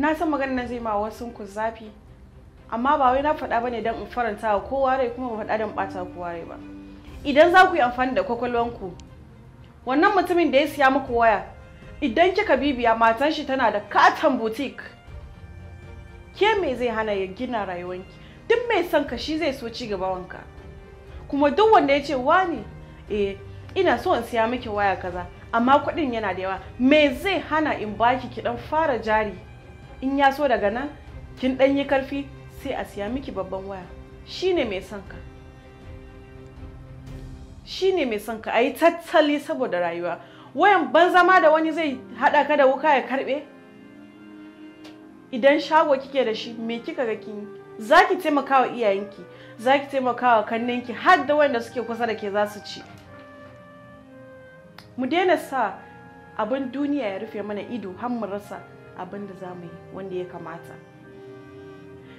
na san na zai ma wasu ku zafi amma ba wai na faɗa ne don in faranta wa kowa rai kuma ba faɗa don ɓata kowa rai ba idan za ku yi amfani da kwakwalwanku wannan mutumin da ya siya muku waya idan kika bibiya matan shi tana da katon butik. ke me zai hana ya gina rayuwanki duk mai son ka shi zai so ci gaba wanka kuma duk wanda ya ce wani eh ina so in siya miki waya kaza amma kuɗin yana da yawa me zai hana in baki ki dan fara jari in ya so daga nan kin ɗan yi karfi sai a siya miki babban waya shine mai son ka shine mai son ka a yi tattali saboda rayuwa wayan ban zama da wani zai haɗa ka da wuka ya karɓe idan shago kike da shi me kika ga kin zaki ki taimaka wa iyayenki zaki ki taimaka wa kannenki har da wanda suke kusa da ke za su ci mu daina sa abin duniya ya rufe mana ido har mu rasa abin da za mu yi wanda ya kamata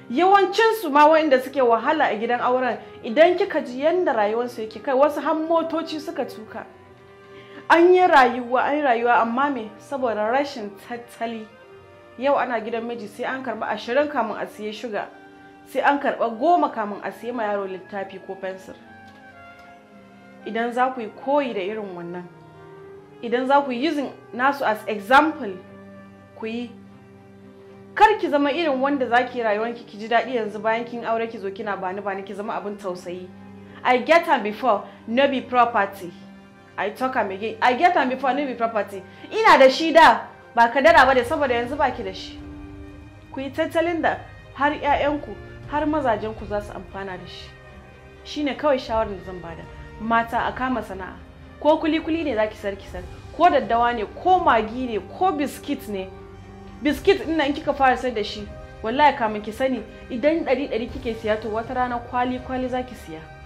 yawancinsu ma wanda suke wahala a gidan auren idan kika ji yadda rayuwarsu yake kai wasu har motoci suka tuka an yi rayuwa an yi rayuwa amma me saboda rashin tattali yau ana gidan miji sai an karba ashirin kamun a siye shuga sai an karba goma kamun a siye ma yaro littafi ko fensir idan za ku yi koyi da irin wannan idan za ku yi using nasu as example ku yi kar ki zama irin wanda za ki rayuwarki ki ji daɗi yanzu bayan kin aure ki zo kina bani bani ki zama abin tausayi i get am before no be property i talk am again i get am before no be property ina da shi da ba ka dara ba da saboda yanzu ba ki da shi ku yi tattalin da har 'ya'yanku har mazajenku za su amfana da shi shine kawai shawarar da zan bada mata a kama sana'a ko kuli-kuli ne zaki sarki sar ko daddawa ne ko magi ne ko biskit ne biskit din nan kika fara sai da shi wallahi kamin ki sani idan ɗari ɗari kike siya to wata rana kwali kwali zaki siya